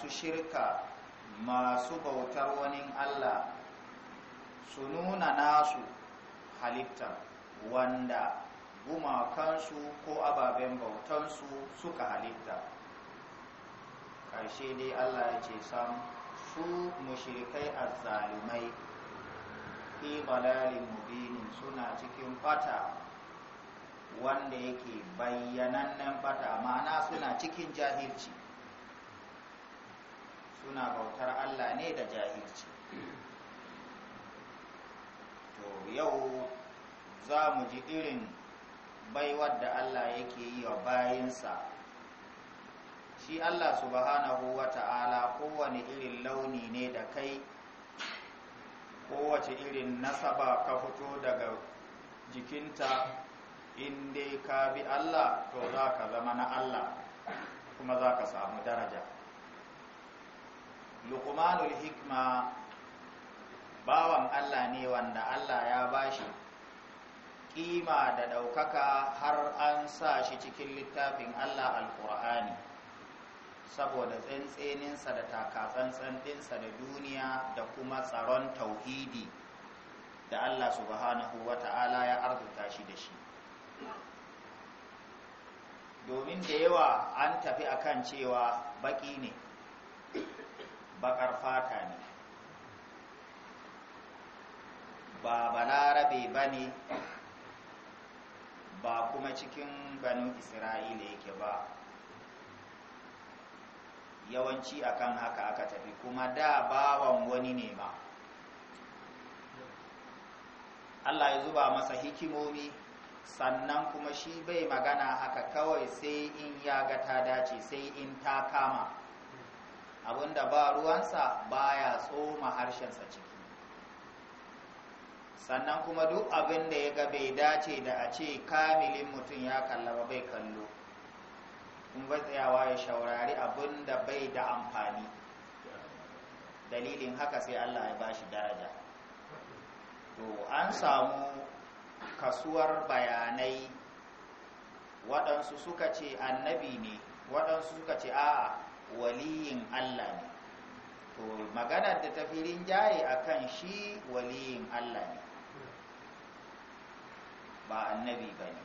masu shirka masu bautar wani Allah su nuna nasu halitta wanda gumakansu ko ababen bautansu suka halitta ƙarshe dai Allah ya ce sam su mushrikai azzalumai fi balalin mubinin suna cikin fata wanda yake bayyanannen fata ma'ana suna cikin jahilci suna bautar Allah ne da jahilci to yau za mu ji irin baiwar da Allah yake yi wa bayinsa shi Allah subhanahu wa ta'ala kowane irin launi ne da kai kowace irin nasaba ka fito daga jikinta in dai ka bi Allah to za ka zama na Allah kuma za ka samu daraja luqmanul hikma bawan Allah ne wanda Allah ya bashi kima da ɗaukaka har an sa shi cikin littafin Allah alƙur'ani saboda tsantseninsa da takatsantsan ɗinsa da duniya da kuma tsaron tauhidi da Allah subhanahu wata'ala ya arzuta shi da shi domin da yawa an tafi akan cewa baƙi ne Baƙar fata ne ba balarabe ba ne ba kuma cikin banu isra'ila yake ba yawanci akan haka aka tafi kuma da bawan wani ne ba. Allah ya zuba masa hikimomi sannan kuma shi bai magana haka kawai sai in ya ga ta dace sai in ta kama abinda ba ruwansa baya tsoma harshensa ciki sannan kuma duk abin da ya ga bai dace da a ce kamilin mutum ya kalla ba bai kallo kun ba tsayawa ya shaurari abin da bai da amfani dalilin haka sai allah ya bashi daraja to an samu kasuwar bayanai waɗansu suka ce annabi ne waɗansu suka ce a'a waliyin Allah ne to maganar da ta jaye rinjaye akan shi waliyin Allah ne ba annabi ba ne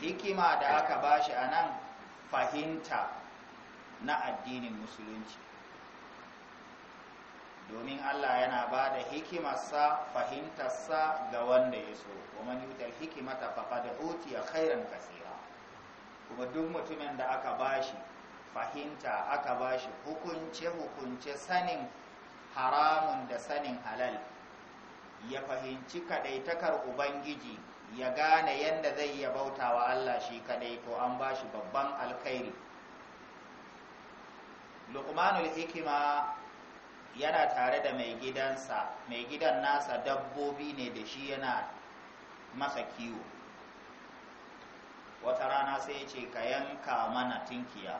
hikima da aka ba shi a nan fahimta na addinin musulunci domin Allah yana ba da hikimarsa fahimtarsa ga wanda ya so kuma yutar hikimata faɗa da otiya khairan kasira kuma duk mutumin da aka bashi fahimta aka ba shi hukunce-hukunce sanin haramun da sanin halal ya fahimci kadaitakar ubangiji ya gane yadda zai ya bauta wa Allah shi kadai to an ba shi babban alkhairi lukmanul hikima yana tare da mai gidansa mai gidan nasa dabbobi ne da shi yana masa kiwo wata rana sai yace ce ka yanka mana tinkiya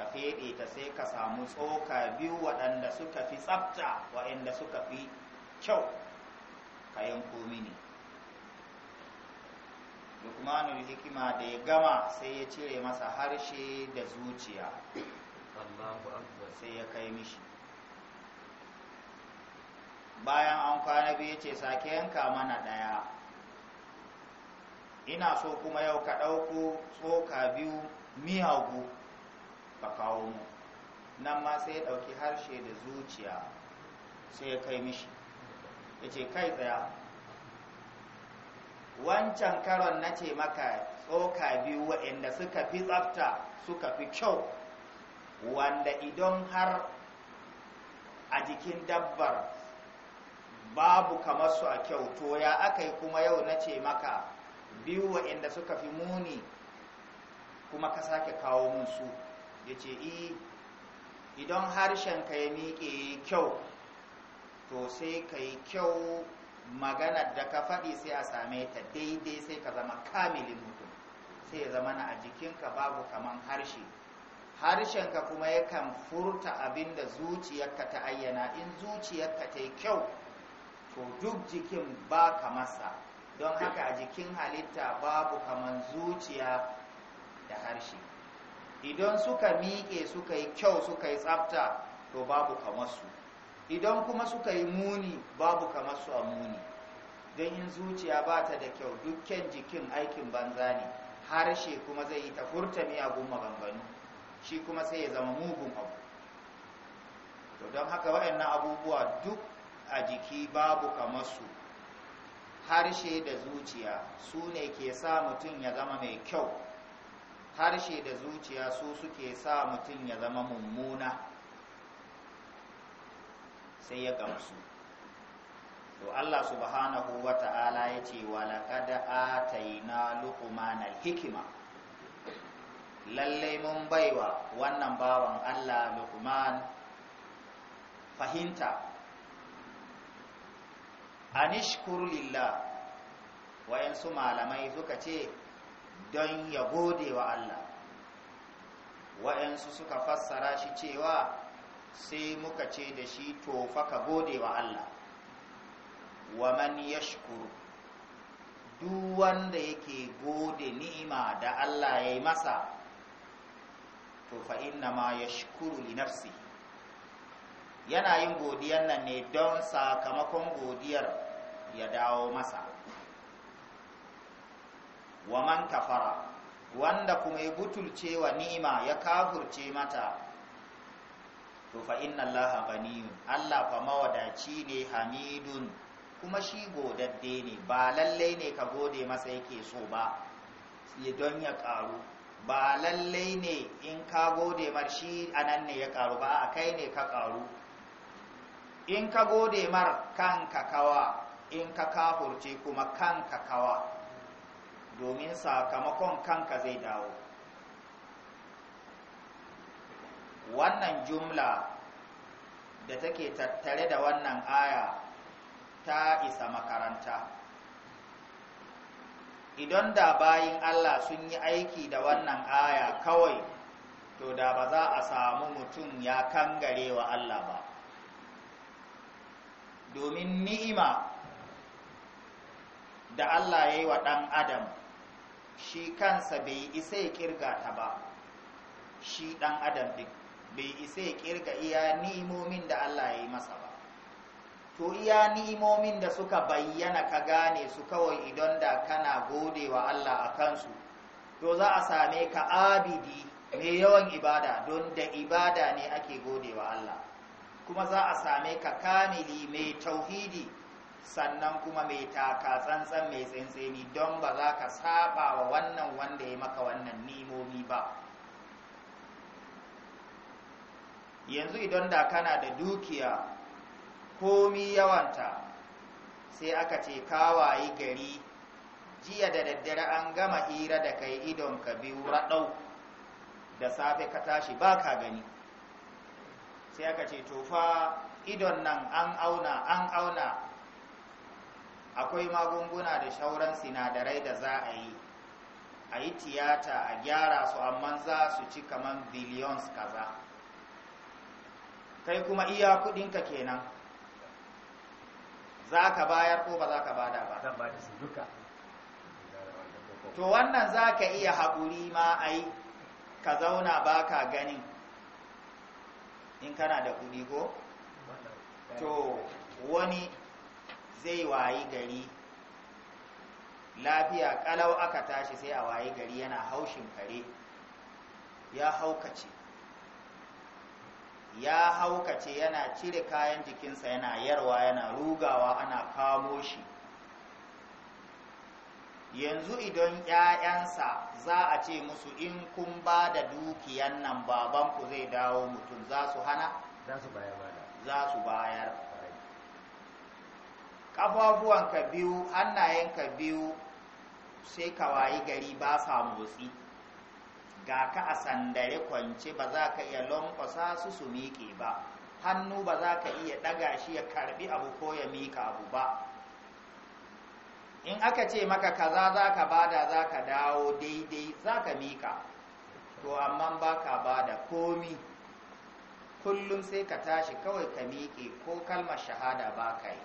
ka feɗe ta sai ka samu tsoka biyu waɗanda suka fi tsafta waɗanda suka fi kyau ka yanko mini lukmanul hikima da ya gama sai ya cire masa harshe da zuciya sai ya kai mishi bayan an kwana biyu ce sake yanka mana ɗaya ina so kuma yau ka ɗauko tsoka biyu miyagu ka kawo mu nan ma sai ya ɗauki harshe da zuciya sai ya kai mishi ya ce kai tsaya wancan karon na ce maka tsoka biyu waɗanda suka fi tsafta suka fi kyau wanda idan har a jikin dabbar babu kamar su a kyau to ya aka yi kuma yau na ce maka biyu waɗanda suka fi muni kuma ka sake kawo mun su ya ce e, idan harshenka ya miƙe kyau to sai ka yi kyau maganar da ka faɗi sai a same ta daidai sai ka zama kamilin mutum sai ya zama na a jikinka babu kaman harshe Harshen-ka kuma yakan furta abin da zuciyarka ta ayyana in zuciyarka ta yi kyau to duk jikin ba ka masa don haka a jikin halitta babu kaman zuciya da harshe idan suka miƙe suka yi kyau suka yi tsafta to babu kamarsu idan kuma suka yi muni babu kamarsu a muni don in zuciya ba ta da kyau dukkan jikin aikin banza ne harshe kuma zai yi ta furta miyagun maganganu shi kuma sai ya zama mugun abu to don haka waɗannan abubuwa duk a jiki babu kamarsu harshe da zuciya su ne ke sa mutum ya zama mai kyau harshe da zuciya su suke sa mutum ya zama mummuna sai ya gamsu to Allah subhanahu wa ta'ala ya ce wa ataina luqman al hikima. lallai mun baiwa wannan bawan Allah luqman fahimta anishkur lillah wayansu malamai suka ce don ya gode wa Allah waɗansu suka fassara shi cewa sai muka ce da shi to fa ka gode wa Allah wa man shukuru, duk wanda yake gode ni'ima da Allah ya yi masa to fa inna ma ya li nafsi yana yin godiyar nan ne don sakamakon godiyar ya dawo masa wa man kafara wanda kuma ya butulce wa ni'ima ya kafurce mata to fa inna allaha ganiyun allah fa mawadaci ne hamidun kuma shi godadde ne ba lalle ne ka gode masa yake so ba don ya karu ba lalle ne in ka gode mar shi anan ne ya karu ba a kai ne ka karu in ka gode mar kanka kawa in ka kafurce kuma kanka kawa domin sakamakon kanka zai dawo wannan jumla da take tattare da wannan aya ta isa makaranta idan da bayin Allah sun yi aiki da wannan aya kawai to da ba za a samu mutum ya kangare wa Allah ba domin ni'ima da Allah ya yi wa ɗan adam shi kansa bai isa ya kirga ta ba shi ɗan adam ɗin bai isa ya kirga iya nimomin da Allah ya yi masa ba to iya nimomin da suka bayyana ka gane su kawai idan da kana gode wa Allah a kansu to za a same ka abidi mai yawan ibada don da ibada ne ake gode wa Allah kuma za a same ka kamili mai tauhidi sannan kuma mai taka tsantsan mai tsantseni don ba za ka saba wa wannan wanda ya maka wannan nimomi ba yanzu idan da kana da dukiya komi yawanta sai aka ce kawai gari jiya da daddare an gama hira da kai idon ka biyu raɗau da safe ka tashi ba ka gani sai aka ce tofa idon nan an auna an auna akwai magunguna da shauran sinadarai da za a yi a yi tiyata a gyara su amma za su ci kamar billions kaza kai kuma iya kudinka kenan za ka bayar ko ba za ka bada ba zan bada su duka to wannan za ka iya haƙuri ma a yi ka zauna ba ka ganin in kana da kudi ko to wani zai wayi gari lafiya kalau aka tashi sai a wayi gari yana haushin kare ya haukace ya haukace yana cire kayan jikinsa yana yarwa yana rugawa ana kamo shi yanzu idan ‘ya'yansa za a ce musu in kun ba da dukiyan nan babanku zai dawo mutum za su hana? za su bayar ka biyu hannayenka biyu sai ka wayi gari ba sa motsi ga ka a sandare kwance ba za ka iya lankwasa su su miƙe ba hannu ba za ka iya ɗaga shi ya karbi abu ko ya miƙa abu ba in aka ce maka kaza za ka bada za ka dawo daidai za ka miƙa to amma ba ka bada komi kullum sai ka tashi kawai ka miƙe ko kalmar shahada ba ka yi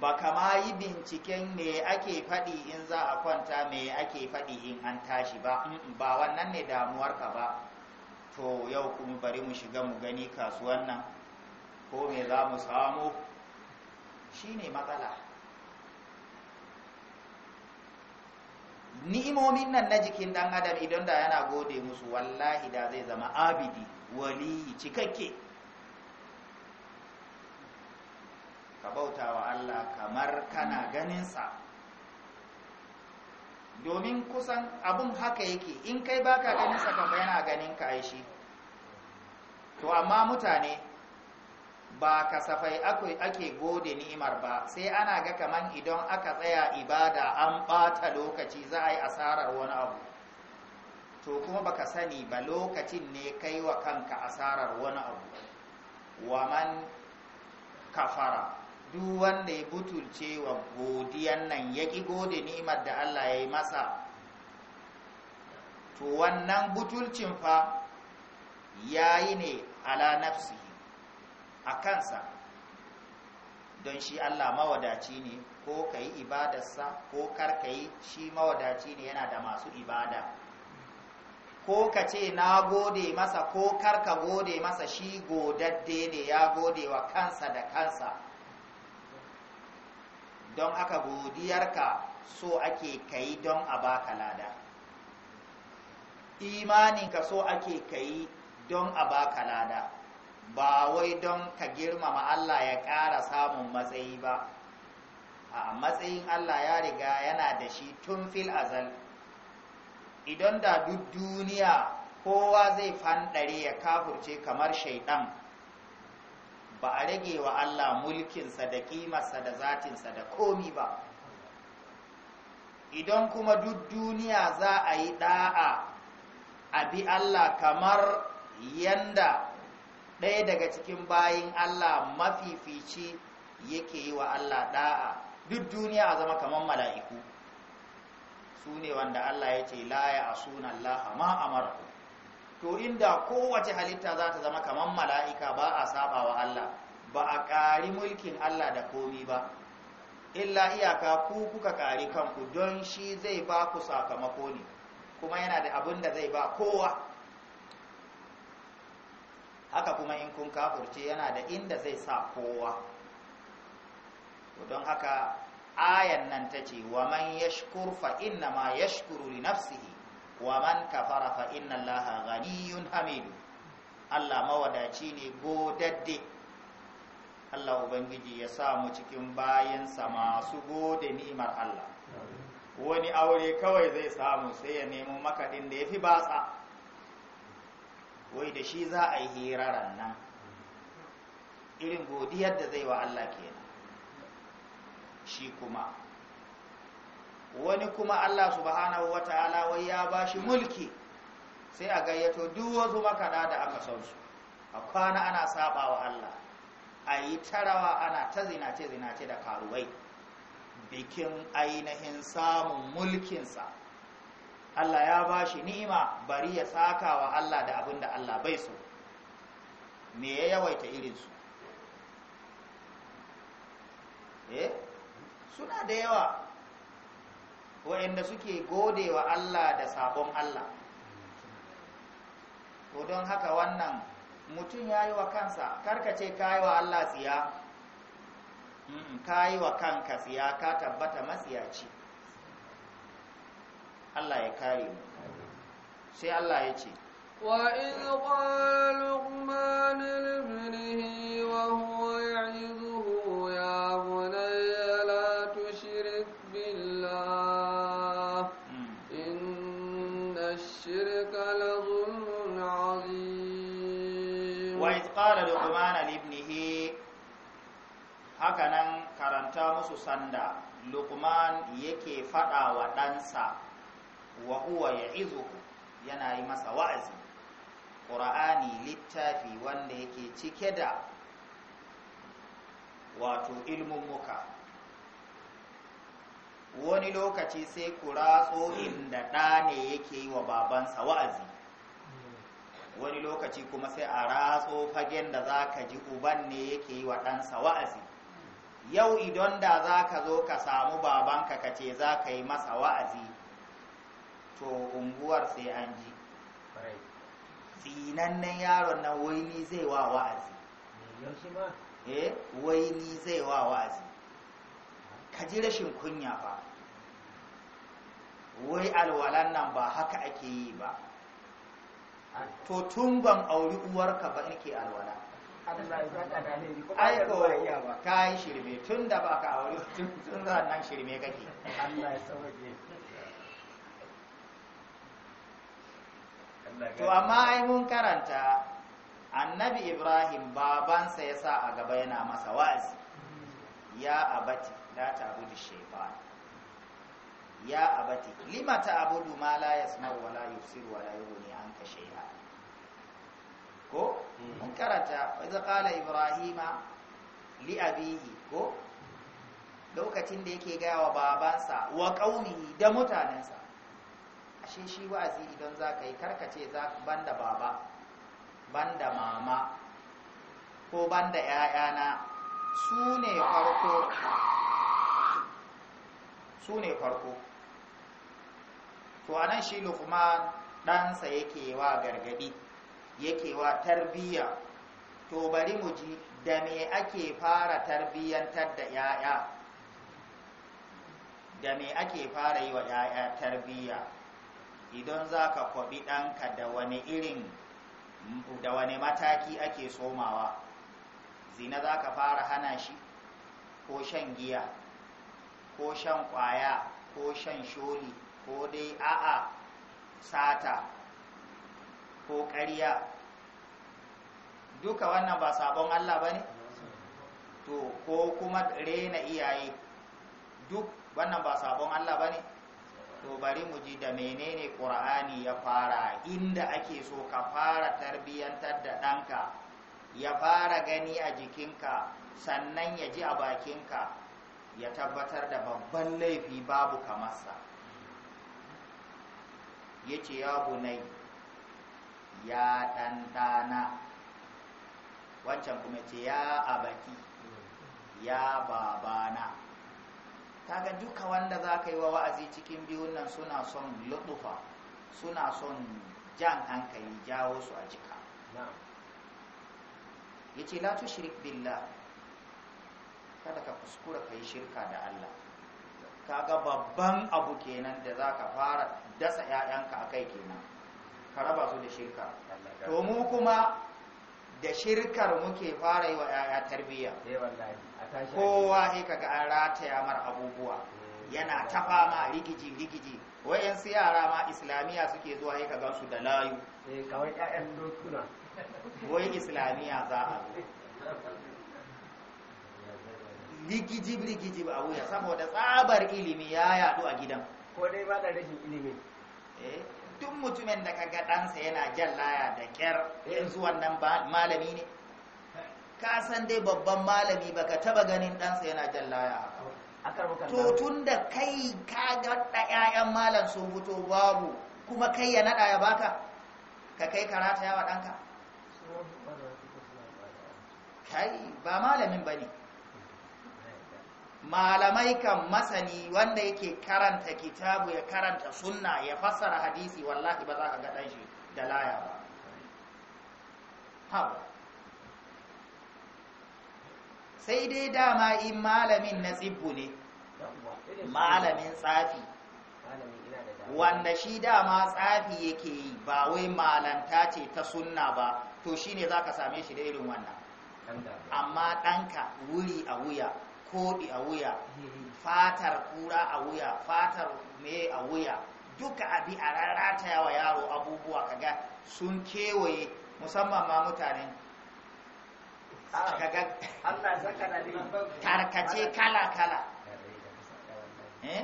ba kama yi binciken me ake faɗi in za a kwanta me ake faɗi in an tashi ba ba wannan ne damuwarka ba to yau kuma bari mu shiga mu gani kasuwan nan ko me za mu samu shi ne matsala ni'imomin nan na jikin ɗan adam idan da yana gode musu wallahi da zai zama abidi wali, cikakke ka bauta wa Allah kamar kana ganinsa domin kusan abun haka yake in kai baka ganinsa kamar yana ganin ka shi to amma mutane ba kasafai ake gode ni'imar ba sai ana ga kamar idan aka tsaya ibada an ɓata lokaci za a yi asarar wani abu to kuma baka sani ba lokacin ne kai wa kanka asarar wani abu wa man kafara duk wanda ya butulce wa godiyan nan ya ƙi gode ni'imar da Allah ya yi masa to wannan butulcin fa ya yi ne ala nafsi a kansa don shi Allah mawadaci ne ko ka yi ibadarsa ko kar ka yi shi mawadaci ne yana da masu ibada ko ka ce na gode masa ko kar ka gode masa shi godadde ne ya gode wa kansa da kansa don aka godiyarka so ake kai don a baka lada imaninka so ake kai don a baka lada ba wai don ka girmama Allah ya ƙara samun matsayi ba a matsayin Allah ya riga yana da shi tun fil azal idan da duk duniya kowa zai fanɗare ya kafurce kamar shaidan ba a rage wa Allah mulkinsa da kimarsa da zatinsa da komi ba idan kuma duk duniya za a yi da'a a bi Allah kamar yanda ɗaya daga cikin bayin Allah mafifici yake yi wa Allah da'a duk duniya a zama kamar mala'iku su ne wanda Allah ya ce la ya asuna Allah ma to inda kowace halitta za ta zama kamar mala'ika ba a saba wa Allah ba a ƙari mulkin Allah da komi ba illa iyaka ku kuka ƙari kanku don shi zai ba ku sakamako ne kuma yana da abin da zai ba kowa haka kuma in kun kafurce yana da inda zai sa kowa don haka ayan nan ta ce wa man yashkur fa inna ma yashkuru li nafsihi wa man kafara fa inna allaha ghaniyun hamidu Allah mawadaci ne godadde Allah ubangiji ya sa mu cikin bayansa masu gode ni'imar Allah wani aure kawai zai samu sai ya nemo makaɗin da yafi batsa wai da shi za a yi hiraran nan irin godiyar da zai wa Allah kenan shi kuma wani kuma Allah subhanahu ta'ala wai ya ba shi mulki sai a gayyato duk wasu makaɗa da aka san a kwana ana saba wa Allah a yi tarawa ana ta zinace zinace da karuwai bikin ainihin samun mulkinsa Allah ya ba shi ni'ima bari ya saka wa Allah da abin da Allah bai so me ya yawaita irinsu eh suna da yawa waɗanda suke gode wa Allah da sabon Allah to don haka wannan mutum ya yi wa kansa karkace ka yi wa Allah tsiya ka yi wa kanka tsiya ka tabbata ce? Allah ya kare mu sai Allah ya ce wa in qala luqman wa huwa Haka nan karanta musu sanda lukman yake faɗa wa ɗansa wa huwa ya izo yana yi masa wa'azi ƙura'ani littafi wanda yake cike da wato muka wani lokaci sai ku ratso inda ɗa ne yake yi wa babansa wa'azi wani lokaci kuma sai a ratso fagen da za ka ji uban ne yake yi wa ɗansa wa'azi yau idan da za ka zo ka samu babanka ka ce za ka yi masa wa'azi to unguwar sai an ji tsinannen yaron nan waini zai wa wa'azi eh waini zai wa wa'azi ka ji rashin kunya ba wai alwalan nan ba haka ake yi ba to tun ban auri uwarka ba nake alwala aiko ka yi shirme tun da ba ka aure tun za nan shirme kake to amma ai mun karanta annabi ibrahim babansa ya sa a gaba yana masa wa'azi ya abati la ta'budu shaytan ya abati lima ta'budu ma la yasma'u wa la yusiru wa la yughni anka shay'a ko hmm. mun karanta wa idza ibrahima li abihi ko lokacin da yake gaya wa babansa wa qaumihi da mutanensa ashe shi wa'azi idan ka yi karkace za banda baba banda mama ko banda 'ya'yana su ne farko su ne farko to anan shi lukuma ɗansa yake wa gargadi yake wa tarbiyya to bari mu ji da me ake fara tarbiyyantar da yaya da me ake fara yi wa yaya tarbiyya idan za ka kwaɓi ɗanka da wani irin da wani mataki ake somawa zina za ka fara hana shi ko shan giya ko shan ƙwaya ko shan sholi ko dai a'a sata ko ƙarya duka wannan ba sabon Allah ba ne to ko kuma rena iyaye duk wannan ba sabon Allah ba ne to bari mu ji da menene ƙura'ani ya fara inda ake so ka fara tarbiyyantar da ɗanka ya fara gani a jikinka sannan ya ji a bakinka ya tabbatar da babban laifi babu kamarsa ya ce ya bunai ya ɗanɗana wancan kuma ce ya abaki ya babana Ta ga duka wanda za ka yi wa wa'azi cikin biyun nan suna son lutufa suna son jan hankali jawo su a jika ya ce latu shirik billah kada ka kuskura ka yi shirka da Allah Ka ga babban abu kenan da za ka fara dasa 'ya'yanka a kai kenan ka raba su da shirka to mu kuma da shirkar muke fara yi wa 'ya'ya tarbiyya eh, kowa sai kaga an rataya mar abubuwa eh. yana ta fama rigiji rigiji wayansu yara ma islamiyya suke zuwa sai kaga su da layu eh, kawai dokuna wai islamiyya za a zo rigijib ba a wuya saboda tsabar ilimi ya yadu a gidan ko dai ba da rashin ilimi eh duk mutumin da kaga ɗansa yana jan laya da ƙyar yanzu wannan malami ne ka san dai babban malami baka taba ganin ɗansa yana jan laya to tun da kai ka ga ɗayayen malam sun fito babu kuma kai ya naɗa ya baka ka kai karata yawa ɗanka kai ba malamin ba ne malamai kan masani wanda yake karanta kitabu ya karanta sunna ya fassara hadisi wallahi ba za ka ga shi da laya ba sai dai dama in malamin na tsibbu ne malamin tsafi wanda shi dama tsafi yake yi ba wai malanta ce ta sunna ba to shine za ka same shi da irin wannan amma ɗanka wuri a wuya koɗi a wuya fatar kura a wuya fatar me a wuya duka abi a rarata wa yaro abubuwa kaga sun kewaye musamman ma mutanen ah, kaga tarkace kala-kala eh?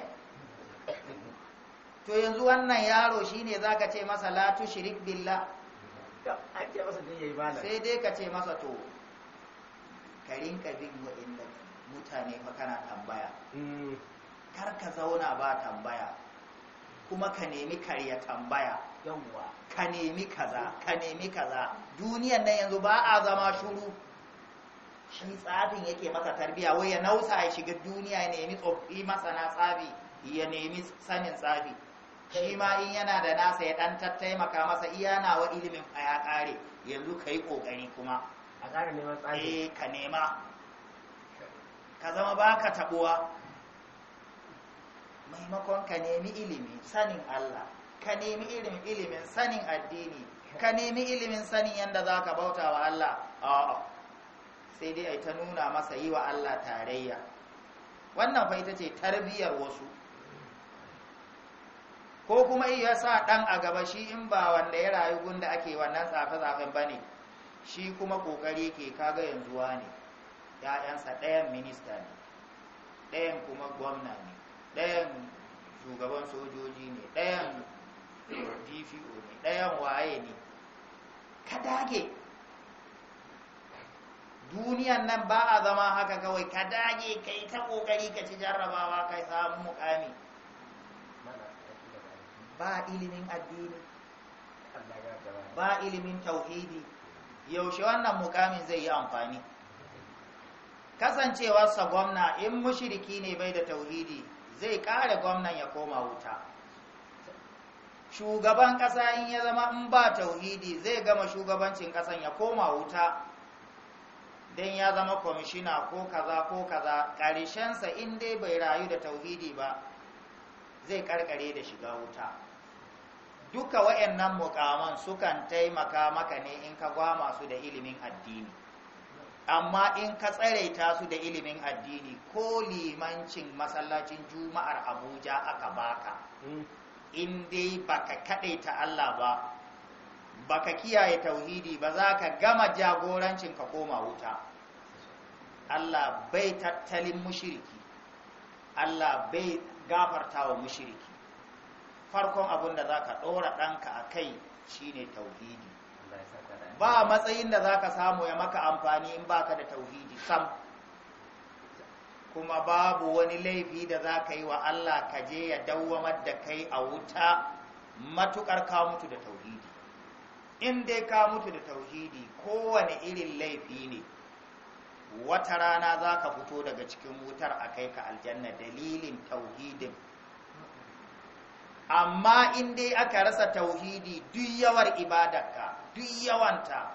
to yanzu wannan yaro shine zaka ce masa la tushrik billah sai dai ka ce masa to ka rinka bin wa'innan mutane fa kana tambaya mm. kar ka zauna ba tambaya kuma ka nemi karya tambaya ka nemi kaza ka nemi kaza duniyan nan yanzu ba a zama shuru shi tsafin yake masa tarbiya wai ya nausa ya shiga duniya ya nemi tsoffi masana tsafi ya nemi sanin tsafi shi ma in yana da nasa ya dan tattaimaka masa iya nawa ilimin a ya kare yanzu ka yi kokari kuma a neman tsafi eh, ka nema ka zama ba ka tabuwa maimakon ka nemi ilimi sanin Allah ka nemi ilimin sanin addini ka nemi ilimin sanin yadda za ka bauta wa Allah a'a sai dai ta nuna masa yi wa Allah tarayya wannan fa ita ce tarbiyyar wasu ko kuma iya sa ɗan a gaba shi in ba wanda ya rayu gunda ake wannan tsafe-tsafen ba ne shi kuma ƙoƙari ke kaga yanzuwa ne ‘ya'yansa ɗayan minista ne ɗayan kuma gwamna ne ɗayan shugaban sojoji ne ɗayan dpo ne ɗayan waye ne ka dage duniyan nan ba a zama haka kawai ka dage ka yi ta ƙoƙari ka ci jarrabawa ka samu mukami ba ilimin addini ba ilimin tauhidi yaushe wannan mukamin zai yi amfani kasancewarsa gwamna in mushiriki ne bai da tauhidi zai kare gwamnan ya koma wuta shugaban ƙasa in ya zama in ba tauhidi zai gama shugabancin ƙasan ya koma wuta don ya zama kwamishina ko kaza ko kaza ƙarshensa in dai bai rayu da tauhidi ba zai karkare da shiga wuta duka wa'annan mukaman sukan taimaka maka ne in ka gwama su da ilimin addini amma in ka tsare ta su da ilimin addini ko limancin masallacin juma'ar abuja aka baka hmm. in dai baka ta Allah ba baka kiyaye tauhidi ba za ka gama jagorancin ka koma wuta Allah bai tattalin mushiriki Allah bai gafarta wa mushiriki farkon abin da za ka ɗora ɗanka a kai shine tauhidi ba matsayin da za ka samu ya maka amfani in ba ka da tauhidi sam kuma babu wani laifi da za ka yi wa Allah ka je ya dawwamar da kai a wuta matukar ka mutu da tauhidi in dai ka mutu da tauhidi kowane irin laifi ne wata rana za ka fito daga cikin wutar a kai ka aljanna dalilin tauhidin amma in dai aka rasa tauhidi duk yawar ibadarka duk yawanta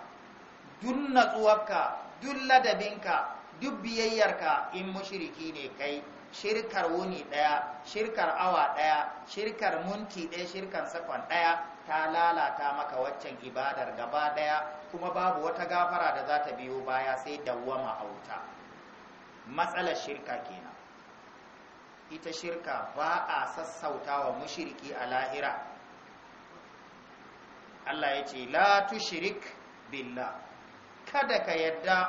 duk natsuwarka duk ladabinka duk biyayyarka in mushiriki ne kai shirkar wuni ɗaya shirkar awa ɗaya shirkar munti ɗaya shirkar sakon ɗaya ta lalata maka waccan ibadar gaba ɗaya kuma babu wata gafara da za ta biyo baya sai dawwama auta matsalar shirka kenan ita shirka ba a sassauta wa mushiriki a lahira Allah ya ce la shirik billah kada ka yadda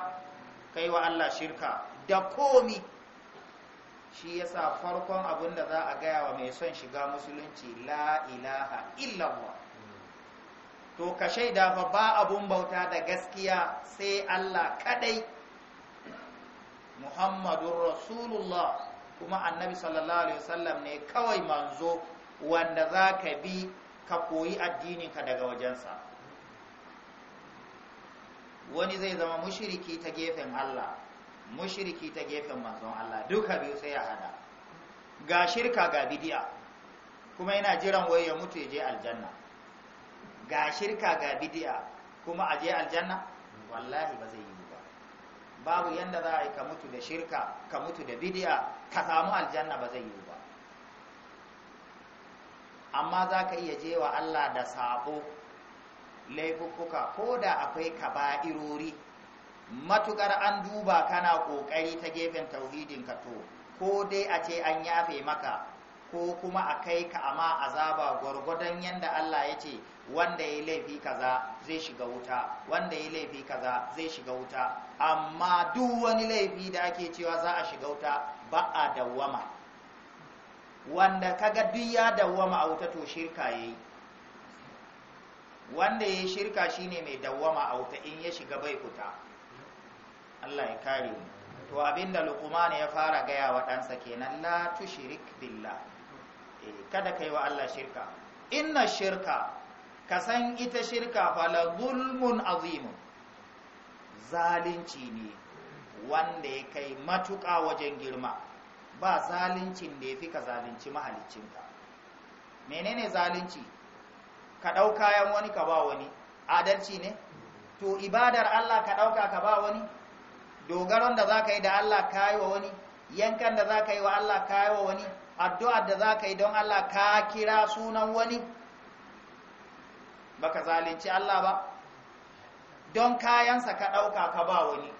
kai wa Allah shirka da komi shi yasa farkon abin da za a gaya wa mai son shiga musulunci la ilaha illallah to ka shaida fa ba abun bauta da gaskiya sai Allah kadai Muhammadun Rasulullah kuma annabi sallallahu alaihi wasallam ne kawai manzo wanda za ka bi ka koyi ka daga wajensa wani zai zama mushiriki ta gefen Allah mushiriki ta gefen manzon Allah duka biyu sai ya hada ga shirka ga bidi'a kuma yana jiran wai ya mutu ya je aljanna ga shirka ga bidi'a kuma a je aljanna wallahi ba zai yi ba babu yanda za a yi ka mutu da shirka ka mutu da bidi'a ka samu aljanna ba zai yi amma za ka iya wa Allah da sabo laifukuka, ko da akwai kaba'irori matukar an duba kana kokari ta gefen tauhidin ka to ko dai a ce an yafe maka ko kuma a kai ka ama azaba gwargwadon yadda Allah ya ce wanda ya laifi kaza zai shiga wuta wanda ya laifi kaza zai shiga wuta amma duk wani laifi da ake cewa za a shiga wuta ba a dawwama wanda kaga duk ya dawwama ma'auta to shirka yayi wanda ya shirka shine mai dawwama ma'auta in ya shiga bai kuta Allah ya kare mu to abinda Luqman ya fara gaya wa ɗansa kenan la tushrik billah eh kada kai wa Allah shirka inna shirka ka san ita shirka fa la zulmun azim zalunci ne wanda ya kai matuƙa wajen girma ba zalincin da ya fi ka zalunci mahaliccinka menene zalunci ka ɗau kayan wani ka ba wani adalci ne to ibadar Allah ka ɗauka ka ba wani dogaron da za ka yi da Allah ka yi wa wani yankan da za ka yi wa Allah ka yi wa wani addu'ar da za ka yi don Allah ka kira sunan wani Ba ka zalunci Allah ba don kayansa ka ɗauka ka ba wani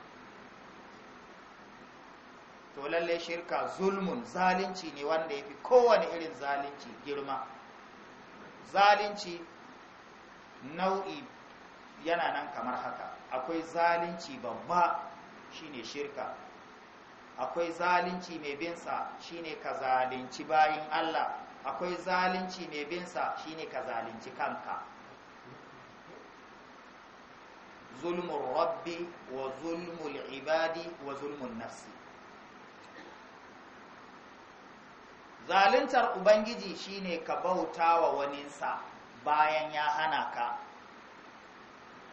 to lalle shirka zulmun zalunci ne wanda ya fi kowane irin zalunci girma zalunci nau'i yana nan kamar haka akwai zalunci babba shine shirka akwai zalunci mai binsa shine ka zalunci bayin Allah akwai zalunci mai binsa shine ka zalunci kanka zulmul rabbi wa zulmul ibadi wa zulmun nafsi zaluntar ubangiji shine ka bauta wa waninsa bayan ya hana ka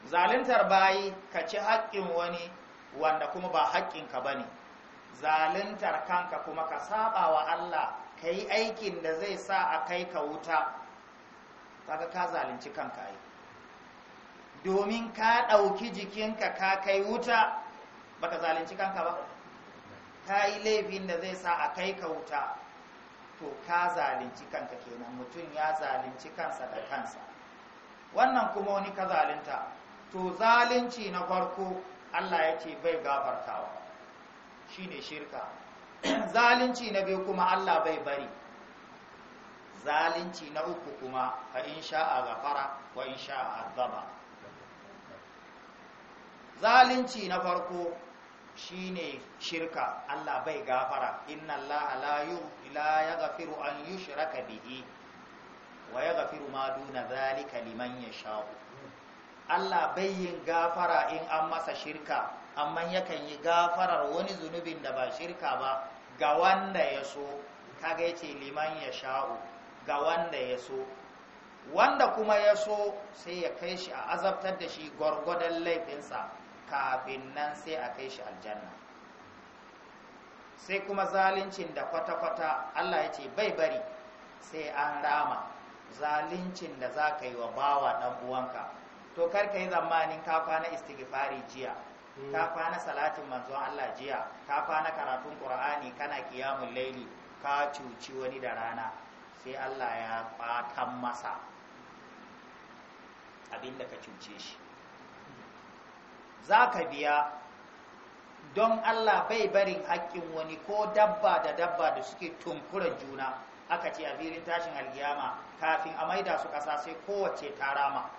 zaluntar bayi ka ci haƙƙin wani wanda kuma ba haƙƙinka ba ne zaluntar kanka kuma ka saba wa Allah ka yi aikin da zai sa a kai ka wuta kaga ka zalunci kanka yi domin ka ɗauki jikinka ka kai wuta baka zalunci kanka ba ka yi laifin da zai sa a kai ka wuta to ka zalunci kanka kenan mutum ya zalunci kansa da kansa wannan kuma wani ka zalunta to zalunci na farko Allah ya ce bai gafartawa shine shirka zalunci na biyu kuma Allah bai bari zalunci na uku kuma fa in sha'a gafara wa in sha'a azaba zalunci na farko Shi ne shirka Allah bai gafara inna Allah la ya gafiru an yi shiraka bihi wa gafiru ma duna zalika liman ya sha'u. Allah bai yin gafara in an masa shirka amma yakan yi gafarar wani zunubin da ba shirka ba ga wanda ya so kaga yace liman ya yasha'u ga wanda ya so wanda kuma ya so sai ya kai shi a azabtar da shi gwargwadon laifinsa kafin nan sai a kai shi aljanna sai kuma zalincin da kwata-kwata Allah ya ce bai bari sai an rama zalincin da za ka yi wa bawa ɗan uwanka to kar ka yi zamanin ka kwana istighfari jiya ka hmm. kwana salatin manzon Allah jiya ka kwana karatun Qur'ani kana kiyamun laili ka cuci wani da rana sai Allah ya fatan masa abinda ka cuce shi za ka biya don Allah bai barin haƙƙin wani ko dabba da dabba da suke tunkura juna aka ce a filin tashin algiyama kafin a maida su ƙasa sai kowace ta rama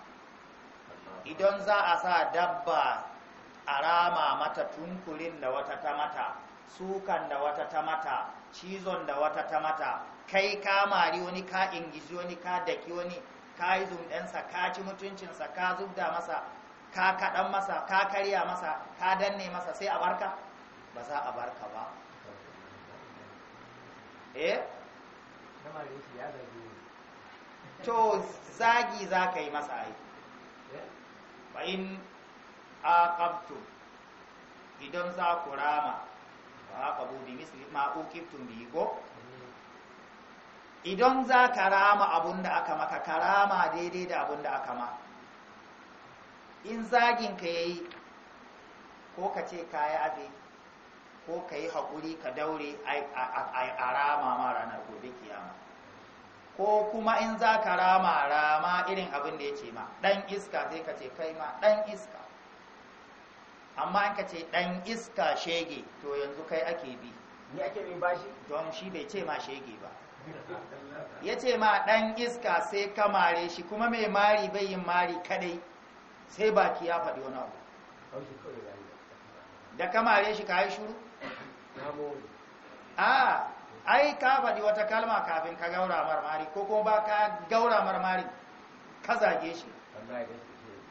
idan za a sa dabba a rama mata tunkurin da wata ta mata sukan da wata ta mata cizon da wata ta mata kai ka mari wani ka ingizi wani ka daki wani ka yi zumɗensa ka ci mutuncinsa ka zubda masa ka kaɗan masa ka karya masa ka danne masa sai a barka ba za a barka ba eh to zagi za ka yi masa ai ba in aqabtum idan za ku rama ba aqabu bi misli ma uqibtum bi ko idan za ka rama abunda aka maka karama daidai da abunda aka maka in zagin ka yi, ko ka ce ka yi abin ko ka yi haƙuri ka daure a rama ma ranar gobe kiyama ko kuma in za ka rama rama irin abin da ya ce ma ɗan iska sai ka ce kai ma ɗan iska amma in ka ce ɗan iska shege to yanzu kai ake bi ni ake bi shi don shi bai ce ma shege ba ya ce ma ɗan iska sai ka mare shi kuma mai mari bai yin mari kadai sai baki ya faɗi wani abu da kamare shi ka yi shuru? a ai ka faɗi wata kalma kafin ka gaura marmari ko kuma ba ka gaura marmari ka zage shi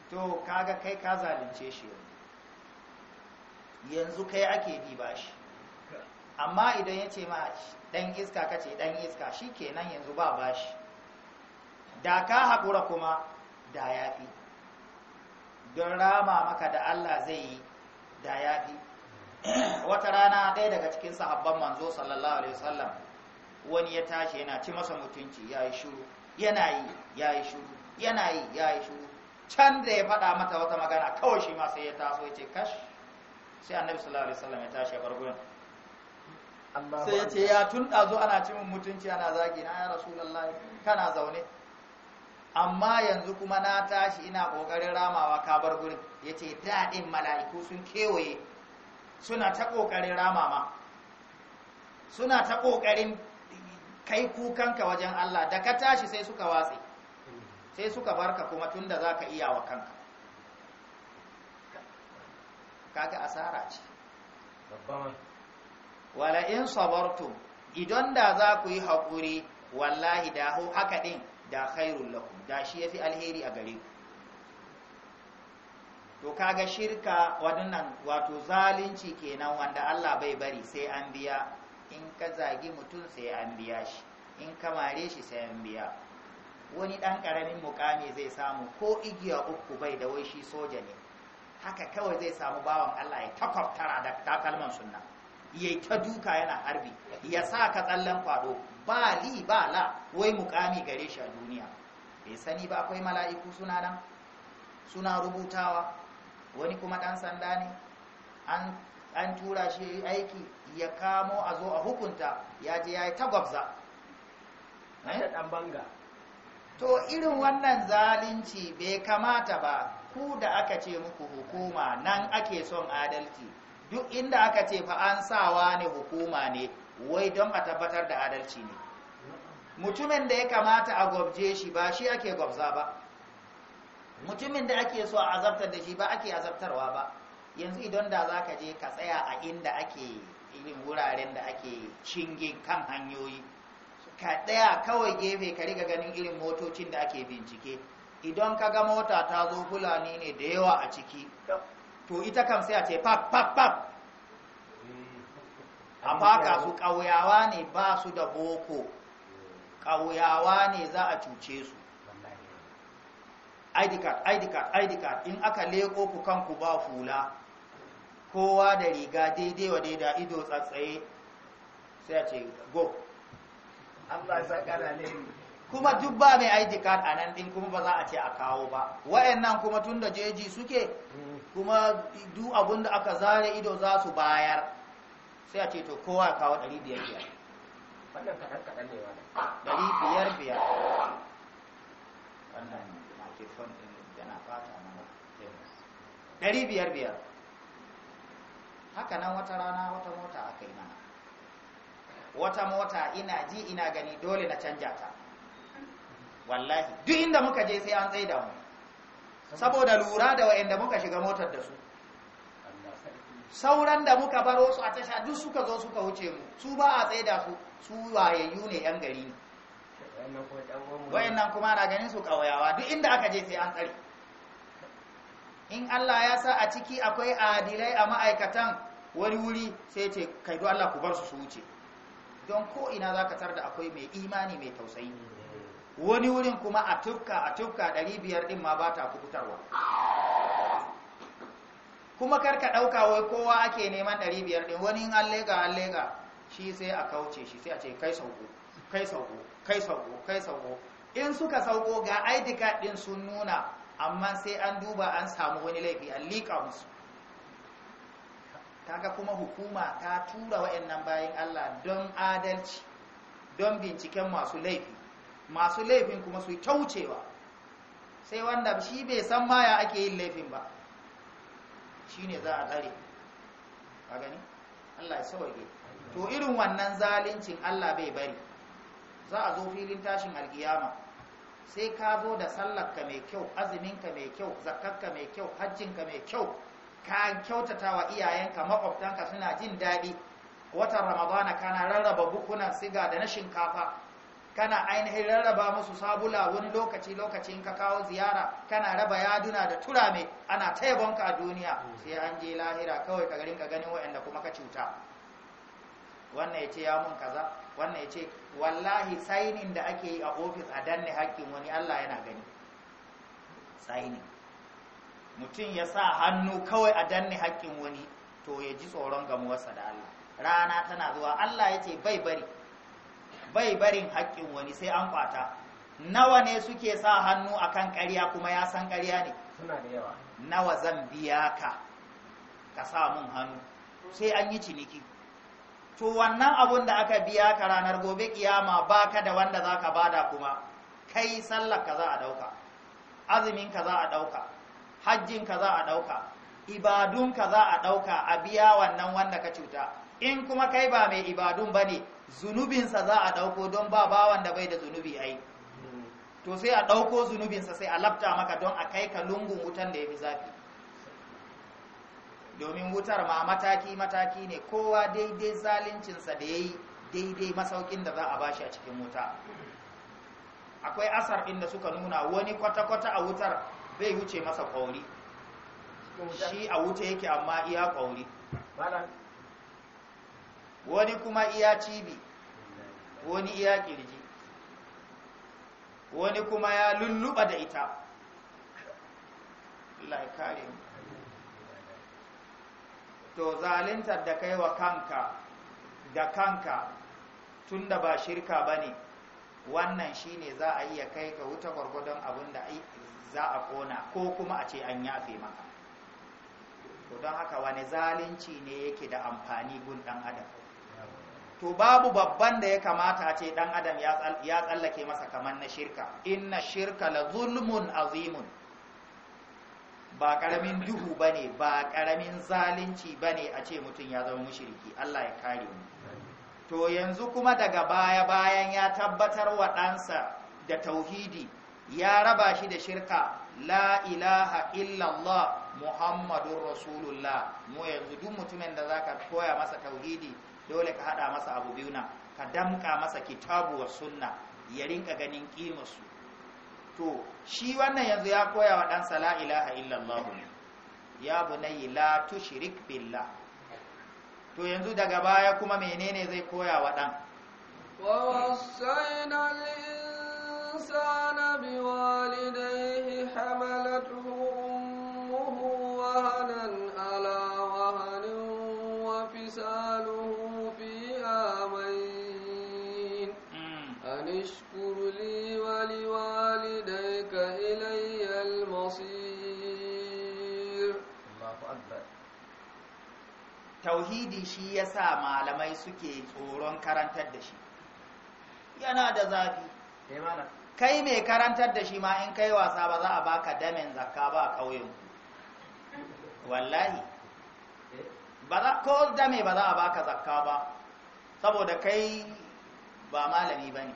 to kaga kai ka zalunce shi yanzu kai ake bi ba shi amma idan ya ce ma ɗan iska ka ce ɗan iska shi kenan yanzu ba bashi. shi da ka haƙura kuma da ya fi don rama maka da Allah zai yi da ya fi wata rana ɗaya daga cikin sahabban manzo sallallahu alaihi wasallam wani ya tashi yana ci masa mutunci ya yi shuru yana yi ya yi shuru yana yi ya yi shuru can da ya faɗa mata wata magana kawai shi ma sai ya taso ya ce kash sai annabi sallallahu alaihi wasallam ya tashi a bar sai ya ce ya tun ana ci min mutunci ana zagi na ya rasulullahi kana zaune amma yanzu kuma na tashi ina ƙoƙarin ramawa ka bar gurin ya ce daɗin mala'iku sun kewaye suna ta ƙoƙarin ramama suna ta ƙoƙarin kai kukanka wajen Allah da ka tashi sai suka watse sai suka barka kuma tun da za ka iya wa kanka kaga asara ce wala in sabartu idan da za ku yi haƙuri wallahi da haka ɗin da khairul lakum da shi yafi alheri a gare ku to kaga shirka waɗannan wato zalunci kenan wanda Allah bai bari sai an biya in ka zagi mutum sai an biya shi in ka mare shi sai an biya wani ɗan ƙaramin mukami zai samu ko igiya uku bai da wai shi soja ne haka kawai zai samu bawan Allah ya takwabtara da takalman sunna ya ta duka yana harbi ya sa ka tsallen kwado ba li ba la wai mukami gare shi a duniya bai sani ba akwai mala'iku suna nan suna rubutawa wani kuma ɗan sanda ne an tura shi aiki ya kamo a zo a hukunta ya je ya yi tagwabza eh? ɗan banga to irin wannan zalunci bai kamata ba ku da aka ce muku hukuma nan ake son adalci duk inda aka ce fa an sawa ne hukuma ne wai don a tabbatar da adalci ne mutumin da ya kamata a gwabje shi ba shi ake gwabza ba mutumin da ake so a azabtar da shi ba ake azabtarwa ba yanzu idan da za ka je ka tsaya a inda ake irin wuraren da ake cinge kan hanyoyi ka tsaya kawai gefe ka riga ganin irin motocin da ake bincike idan ka ga mota ta zo fulani ne da yawa a ciki to ita kam sai a ce pap pap pap a kasu su ƙauyawa ne ba su da boko ƙauyawa ne za a cuce su id card id card id card in aka leko ku kanku ba fula kowa da riga daidai wa daida ido tsatsaye sai a ce go ne kuma duk ba mai id card a nan din kuma ba za a ce a kawo ba wayannan kuma tun da jeji suke mm. kuma duk abinda aka zare ido za su bayar sai a ce to kowa kawo ɗari biyar biyar wannan kaɗan kaɗan ne wani ɗari biyar biyar wannan yana mana ɗari biyar biyar haka nan wata rana wata mota aka yi mana wata mota ina ji ina gani dole na canja ta wallahi duk inda muka je sai an tsaye da mu saboda lura da wa'anda muka shiga motar da su sauran da muka baro su a tasha duk suka zo suka wuce mu su ba a tsaida su su wayayyu ne yan gari ne wayannan kuma na ganin su kawayawa duk inda aka je sai an tsari. in Allah ya sa a ciki akwai adilai a ma'aikatan wani wuri sai ce kai do Allah ku bar su su wuce don ko ina zaka tar da akwai mai imani mai tausayi mm. wani wurin kuma a tukka a tukka 500 din ma ba ta kubutarwa kuma kar ka ɗauka wai kowa ake neman ɗari biyar ɗin wani allega allega shi sai a kauce shi sai a ce kai sauko kai sauko kai sauko kai sauko in suka sauko ga id card ɗin sun nuna amma sai an duba an samu wani laifi a liƙa musu kaga kuma hukuma ta tura wa'annan bayan Allah don adalci don binciken masu laifi masu laifin kuma su taucewa sai wanda shi bai san maya ake yin laifin ba shine za a tsare ka gani Allah ya sauke to irin wannan zalincin Allah bai bari za a zo filin tashin alkiyama sai ka zo da sallarka mai kyau azuminka mai kyau zakarka mai kyau hajjinka mai kyau ka kyautata wa iyayenka makwabtanka suna jin daɗi watan ramadana kana rarraba bukunan siga da na shinkafa kana ainihin rarraba musu sabula wani lokaci lokacin ka kawo ziyara kana raba yaduna da turame ana ta yabonka a duniya sai an je lahira kawai ka garin ka ganin wa'anda kuma ka cuta wannan ya ce ya mun kaza wannan ya ce wallahi sainin da ake yi a ofis a danne hakkin wani allah yana gani sainin mutum ya sa hannu kawai a danne hakkin wani to ya ji tsoron gamuwarsa da allah rana tana zuwa allah ya ce bai bari bai barin haƙƙin wani sai an kwata nawa ne suke sa hannu a kan ƙarya kuma ya san ƙarya ne nawa zan biya ka ka sa mun hannu sai an yi ciniki to wannan abun da aka biya ka ranar gobe kiyama baka da wanda zaka bada kuma kai sallar ka za a dauka azumin ka za a dauka hajjin ka za a dauka ibadun ka za a ɗauka. a biya wannan wanda ka cuta in kuma kai ba mai ibadun ba ne zunubinsa za a ɗauko don ba bawan da bai da zunubi ai to sai a ɗauko zunubinsa sai a labta maka don a kai ka lungun wutan da ya fi zafi domin wutar ma mataki-mataki ne kowa daidai zalincinsa da ya yi daidai masaukin da za a bashi a cikin wuta akwai asar inda suka nuna wani kwata-kwata a wutar bai wuce masa kwauri shi a wuta yake amma iya kwauri wani kuma iya cibi wani iya kirji wani kuma ya lulluba da ita laikari to zalintar da kai wa kanka da kanka tunda ba shirka ba ne wannan shine za a iya kai ka wuta gwargwadon abin da za a kona ko kuma a ce an yafe maka don haka wani zalunci ne yake da amfani gun ɗan adam to babu babban da ya kamata a ce ɗan adam ya tsallake masa kamar na shirka inna shirka la zulmun azimun ba karamin duhu bane ba karamin zalunci bane a ce mutum ya zama mushriki Allah ya kare mu to yanzu kuma daga baya bayan ya tabbatar wa ɗansa da tauhidi ya raba shi da shirka la ilaha illallah muhammadun rasulullah mu yanzu duk mutumin da zaka koya masa tauhidi dole ka hada masa abu biyu na ka damka masa kitabu wa sunna ya rinka ganin kimarsu to shi wannan yanzu ya koya wa ɗansa la ilaha illallah ya yi la tushrik billah to yanzu daga baya kuma menene zai koya wa ɗan wa wasaina al-insana biwalidayhi tauhidi shi ya sa malamai suke tsoron karantar da shi yana da zafi eh, kai mai karantar da shi ma in kai wasa ba za a baka damin zakka ba a ƙauyen wallahi eh. ko dame ba za a baka zakka ba saboda kai ba malami ba ne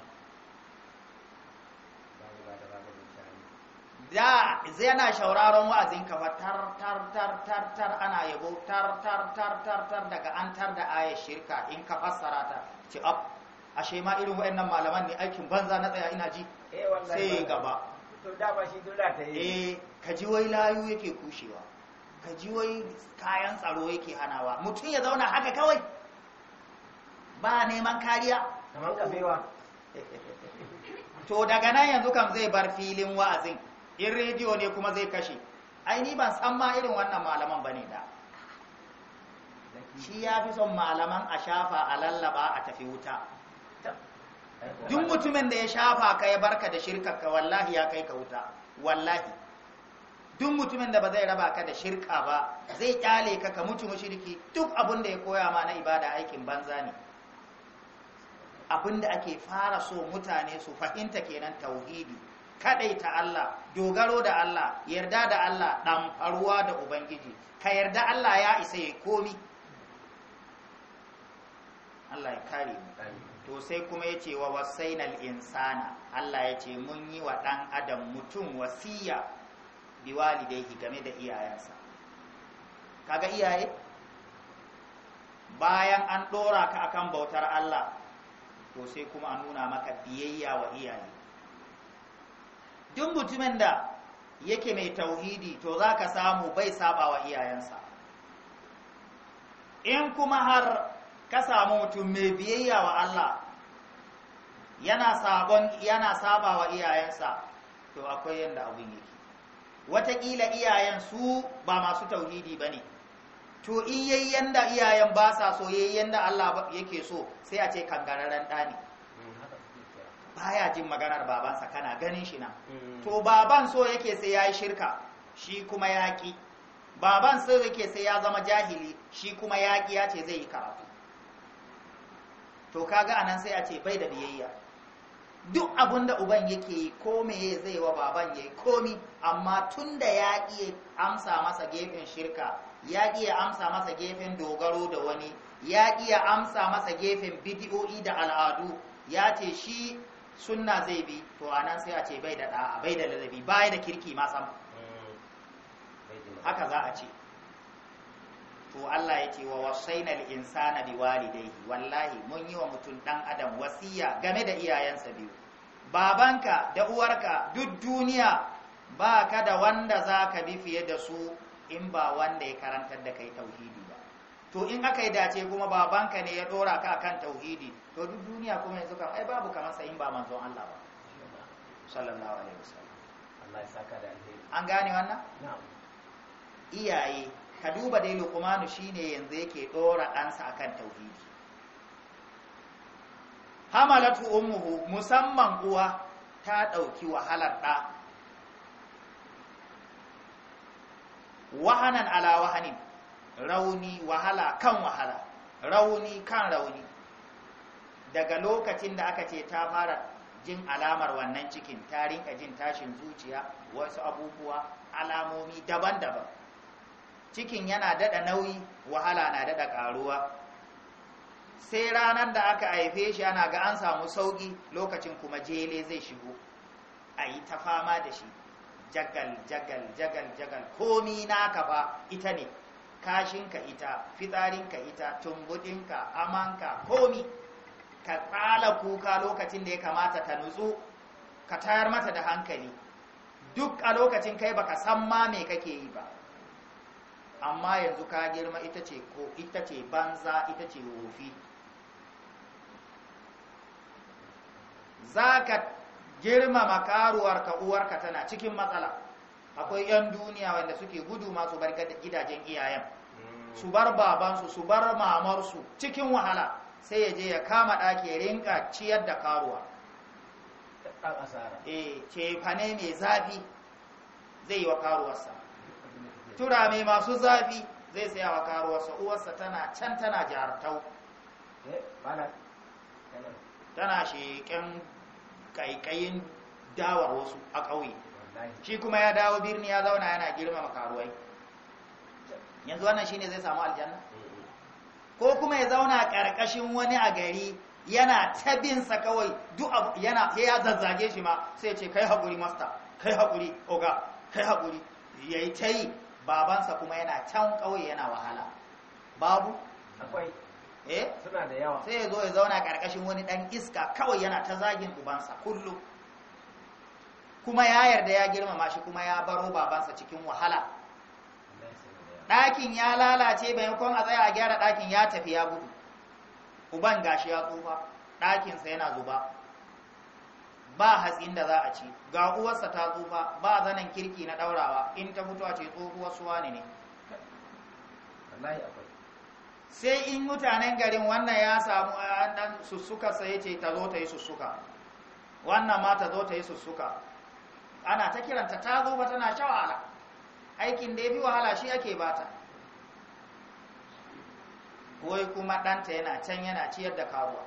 da yana shauraron wa'azin ka fa tar tar tar tar tar ana yabo tar tar tar tar tar daga an tar da aya shirka in ka fassara ta ci ab ashe ma irin wayannan malaman ne aikin banza na tsaya ina ji eh, sai gaba to da ba shi dole ta yi eh ji wai layu yake kushewa Ka ji wai kayan tsaro yake hanawa mutum ya zauna haka kawai ba neman kariya kamar kafewa to daga nan yanzu kam zai bar filin wa'azin in rediyo ne kuma zai kashe Aini ni ban san ma irin wannan malaman bane da shi ya fi son malaman a shafa a lallaba a tafi wuta duk mutumin da ya shafa ka ya barka da ka, wallahi ya kai ka wuta wallahi duk mutumin da ba zai raba ka da shirka ba zai kyale ka ka mutu mushriki duk abin da ya koya ma na ibada aikin banza ne abin da ake fara so mutane su fahimta kenan tauhidi ta Allah dogaro da Allah yarda da Allah dan faruwa da ubangiji ka yarda Allah ya isa ya komi Allah ya kare mu to sai kuma ya wa wasainal insana Allah yace mun yi wa ɗan adam mutum wasiya biwalidaihi game da iyayensa kaga iyaye bayan an ɗora ka akan bautar Allah to sai kuma an nuna maka biyayya wa iyaye Tun mutumin da yake mai tauhidi to za ka samu bai saba wa iyayensa in kuma har ka samu mutum mai biyayya wa Allah yana sabon yana saba wa iyayensa to akwai yanda abin yake wataƙila iyayen su ba masu tauhidi ba ne to in yayi da iyayen ba sa so yayi Allah yake so sai a ce kangararren ɗa ne baya jin maganar babansa kana ganin shi na mm. to baban so yake sai ya yi shirka shi kuma yaƙi baban so yake sai ya zama jahili shi kuma yaƙi ya ce zai yi karatu to kaga anan sai a ce bai da biyayya duk abun da uban yake yi ko meye zai wa baban yayi komi amma tun da ya iya amsa masa gefen shirka ya iya amsa masa gefen dogaro da wani ya iya amsa masa gefen bidiyo'i da al'adu ya ce shi sunna zai bi to anan sai a ce bai da da'a bai da ladabi bai da kirki ma sam eh, haka za a ce to Allah ya ce wa wasaina al insana bi walidayhi wallahi mun yi wa mutum dan adam wasiya game da iyayensa biyu babanka da uwarka duk duniya ba ka da wanda za ka bi fiye da su in ba wanda ya karantar da kai tauhidi to in aka yi dace kuma babanka ne ya dora ka akan tauhidi to duk duniya kuma yanzu kan ai babu kamar sa in ba manzon Allah ba sallallahu alaihi wasallam Allah ya saka da alheri an gane wannan na'am iyaye ka duba dai luqmanu shine yanzu yake dora ɗansa akan tauhidi hamalatu ummuhu musamman uwa ta ɗauki wahalar ɗa wahanan ala wahanin rauni wahala kan wahala rauni kan rauni daga lokacin da aka ce ta fara jin alamar wannan cikin ta rinka jin tashin zuciya wasu abubuwa alamomi daban-daban cikin yana dada nauyi wahala na dada karuwa sai ranar da aka haife shi ana ga an samu sauki lokacin kuma jele zai shigo a yi ta fama da shi jagal jagal jagal jagal komi na fa ita ne kashinka ita fitsarinka ita tumbudinka amanka komi ka tsala kuka lokacin da ya kamata ka nutsu ka tayar mata da hankali duk a lokacin kai baka san ma me kake yi ba amma yanzu ka girma ita ce ko ita ce banza ita ce wofi za ka girmama karuwarka uwarka tana cikin matsala akwai 'yan duniya wanda suke gudu masu barka da gidajen iyayen su bar babansu su bar mamarsu cikin wahala sai ya je ya kama ɗaki ya rinka ciyar da karuwa eh cefane mai zafi zai yi wa karuwarsa tura mai masu zafi zai saya wa karuwarsa uwarsa tana can tana jartau eh, tana sheƙen ƙaiƙayin dawar wasu a ƙauye shi kuma ya dawo birni ya zauna yana girmama karuwai yanzu wannan shi ne zai samu aljanna ko kuma ya zauna karkashin wani a gari yana tabinsa kawai duk yana ya zazzage shi ma sai ce kai haƙuri master kai haƙuri oga kai haƙuri ya yi ta yi babansa kuma yana can kawai yana wahala babu akwai eh suna da yawa sai ya zo ya zauna ƙarƙashin wani ɗan iska kawai yana ta zagin ubansa kullum kuma ya yarda ya girmama shi kuma ya baro babansa cikin wahala ɗakin ya lalace bayan a tsaye a gyara ɗakin ya tafi ya gudu uban gashi ya tsufa ɗakinsa yana zuba ba hatsin da za a ci ga uwarsa ta tsufa ba zanen kirki na ɗaurawa in ta fito a ce tsohuwar suwa ne ne sai in mutanen garin wannan ya samu ɗan sussuka sai ce ta zo ta yi sussuka wannan ma ta zo ta yi sussuka ana ta kiranta ta zo ba tana shawala aikin da ya fi wahala shi ake bata wai kuma ɗanta yana can yana ciyar da karuwa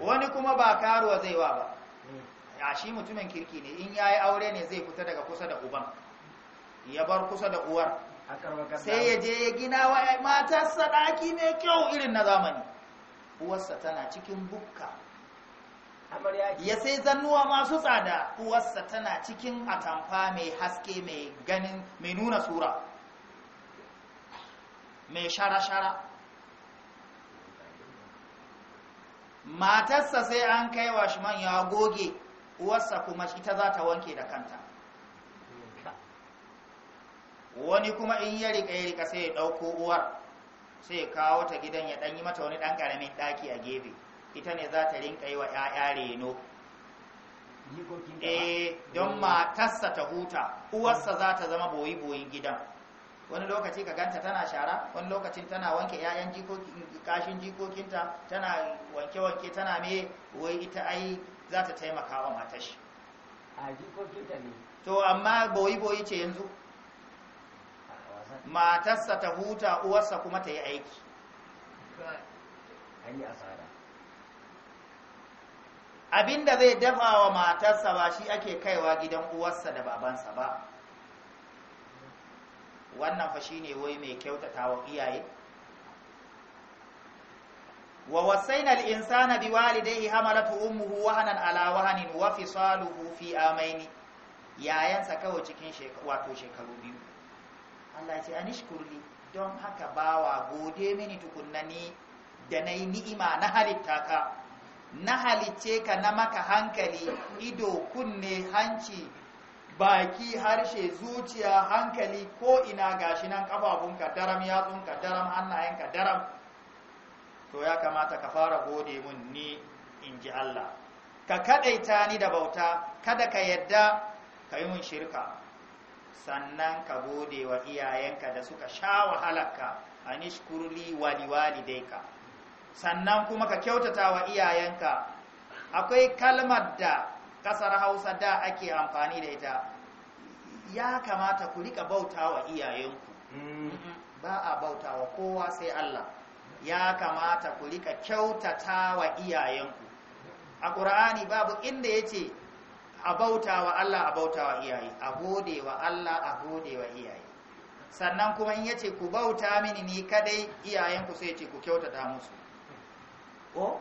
wani kuma ba karuwa zai wa ba a shi mutumin kirki ne in ya yi aure ne zai fita daga kusa da uban ya bar kusa da uwar sai ya je ya gina wa matarsa ɗaki mai kyau irin na zamani uwarsa tana cikin bukka ya sai zannuwa masu tsada uwarsa tana cikin atamfa mai haske mai ganin mai nuna sura mai shara-shara matarsa sai an kai wa shi man ya goge uwarsa kuma ita za ta wanke da kanta wani kuma in ya rika ya rika sai ya ɗauko uwar sai ya kawo ta gidan ya danyi mata wani ɗan karamin ɗaki a gebe ita ne za ta rinka yi wa 'ya'ya reno eh don mm. matarsa ta huta uwarsa mm. za ta zama boyi-boyin gidan wani lokaci ka ganta tana shara wani lokacin tana wanke 'ya'yan kashin jikokinta tana wanke-wanke tana me wai ita ai za ta taimaka wa matashi a jikokinta ne to amma boyi-boyi ce yanzu matarsa ta huta uwarsa kuma ta yi aiki an yi asara abinda zai dafa wa matarsa ba shi ake kaiwa gidan uwarsa da babansa ba wannan fa shi ne wai mai kyautata wa iyaye wa wasaina al-insana biwalidayhi hamalatu ummuhu wahanan ala wahanin wa fisaluhu fi amaini yayansa kawai cikin wato shekaru biyu Allah ya ce anishkurli don haka bawa gode mini tukunna ni da nayi ni'ima na halitta ka na halicce ka na maka hankali ido kunne hanci baki harshe zuciya hankali ko ina gashi nan kafafunka daram yatsunka daram hannayenka daram to ya kamata ka fara gode mun ni in ji Allah ka kadaita ni da bauta kada ka yadda ka yi mun shirka sannan ka gode wa iyayenka da suka sha wahalarka a nishkurli wali walidaika sannan kuma ka kyautata wa iyayenka akwai kalmar da kasar hausa da ake amfani da ita ya kamata ku rika bauta wa iyayenku mm. ba a bauta wa kowa sai Allah ya kamata ku rika kyautata wa iyayenku a ƙur'ani babu inda ya ce a bauta wa Allah a bauta wa iyaye a gode wa Allah a gode wa iyaye sannan kuma in ya ce ku bauta mini ni kadai iyayenku sai ce ku kyautata musu ko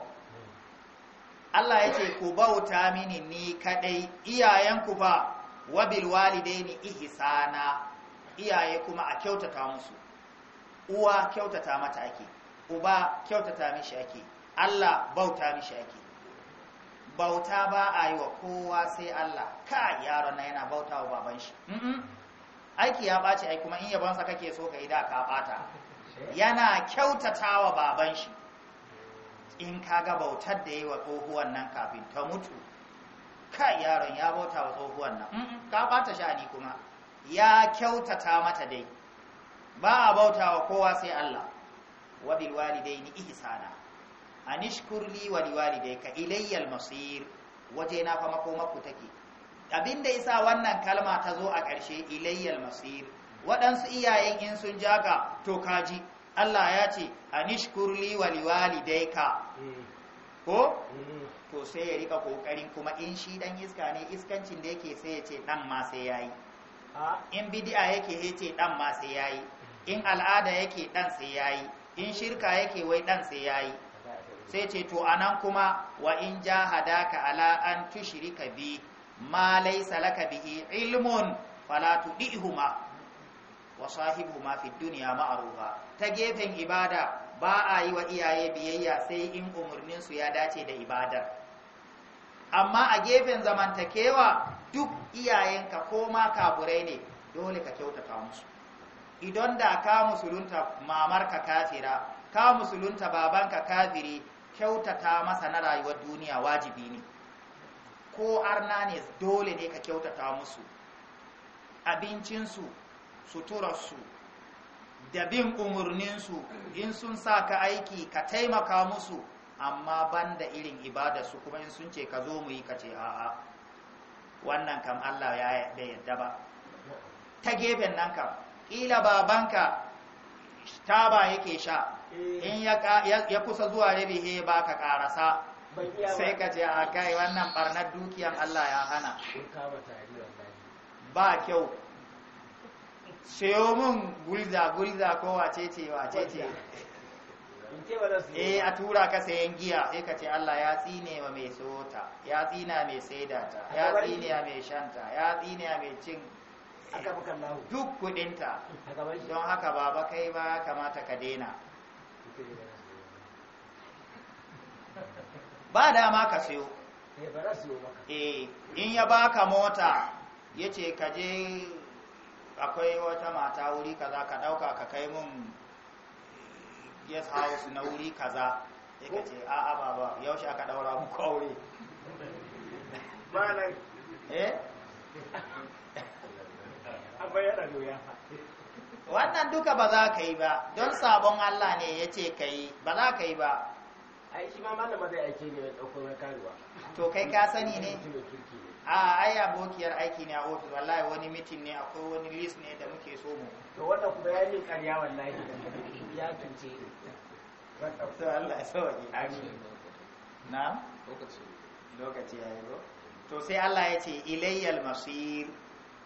Allah ya ce ku bauta mini ni kadai iyayenku ba wabil walidaini ihsana iyaye kuma a kyautata musu uwa kyautata mata ake uba kyautata mishi ake Allah bauta mishi ake bauta ba a yi wa kowa sai Allah ka yaron na yana bauta wa baban shi aiki ya ɓaci ai kuma in yabansa kake so ka yi da ka bata yana kyautata wa baban shi in kaga bautar da yi wa tsohuwan nan kafin ta mutu kai yaron ya bauta wa tsohuwan nan ka bata sha'ani kuma ya kyautata mata dai ba a bauta wa kowa sai Allah walidai walidaini ihsana anishkur li wa ka ilayyal masir waje na fa makomarku take abinda yasa wannan kalma ta zo a ƙarshe ilayyal masir waɗansu iyayen in sun jaga to kaji Allah ya ce anishkur wani wa ka, hmm. ko hmm. to sai ya rika kokarin kuma in shi dan iska ne iskancin da yake sai ya ce dan ma sai yayi in bid'a yake ya ce dan ma sai yayi in al'ada yake dan sai yayi in shirka yake wai dan sai yayi sai ce to a nan kuma wa in jahadaka ala an tushrika bi ma laysa laka bihi ilmun fala tudihuma wa sahibu ma fi duniya ma'arufa ta gefen ibada ba a yi wa iyaye biyayya sai in umarninsu su ya dace da ibadar amma a gefen zamantakewa duk iyayenka ko ma kaburai ne dole ka kyautata musu idan da ka musulunta mamarka kafira ka musulunta babanka kafiri kyautata masa na rayuwar duniya wajibi ne ko arna ne dole ne ka kyautata musu abincinsu suturarsu da bin umarninsu in sun sa ka aiki ka taimaka musu amma ban da irin ibadarsu kuma in sun ce ka zo mu yi ka ce a'a wannan kam Allah ya yadda ba ta gefen nan kam ƙila babanka taba yake sha eh. in ya kusa zuwa rabi ba ka karasa sai ka ce a kai wannan barnar dukiyan Allah ya hana ba kyau sayo mun gulza gulza ko wace ce wace ce eh a tura ka sayan giya sai ka ce Allah ya tsine wa mai sota ya tsina mai saidata ya tsine mai shanta ya tsine mai cin duk kudinta don haka baba kai ba kamata ka daina ba dama ka sayo eh, eh in ya baka mota yace ka je akwai wata mata wuri kaza ka dauka ka kai mun guest house na wuri kaza sai ka ce a'a baba yaushe aka daura ko wuri malai eh abba yana dago wannan duka ba za ka yi ba don sabon Allah ne ya ce ka yi ba za ka yi ba ai shi ma malama zai aike ne da dauko na karuwa to kai ka sani ne a ai abokiyar aiki ne a ofis wallahi wani mitin ne akwai wani list ne da muke so mu to wanda kuma ya yi karya wallahi ya tunce to Allah ya sauke amin na lokaci lokaci ya yi to sai Allah ya ce ilayyal masir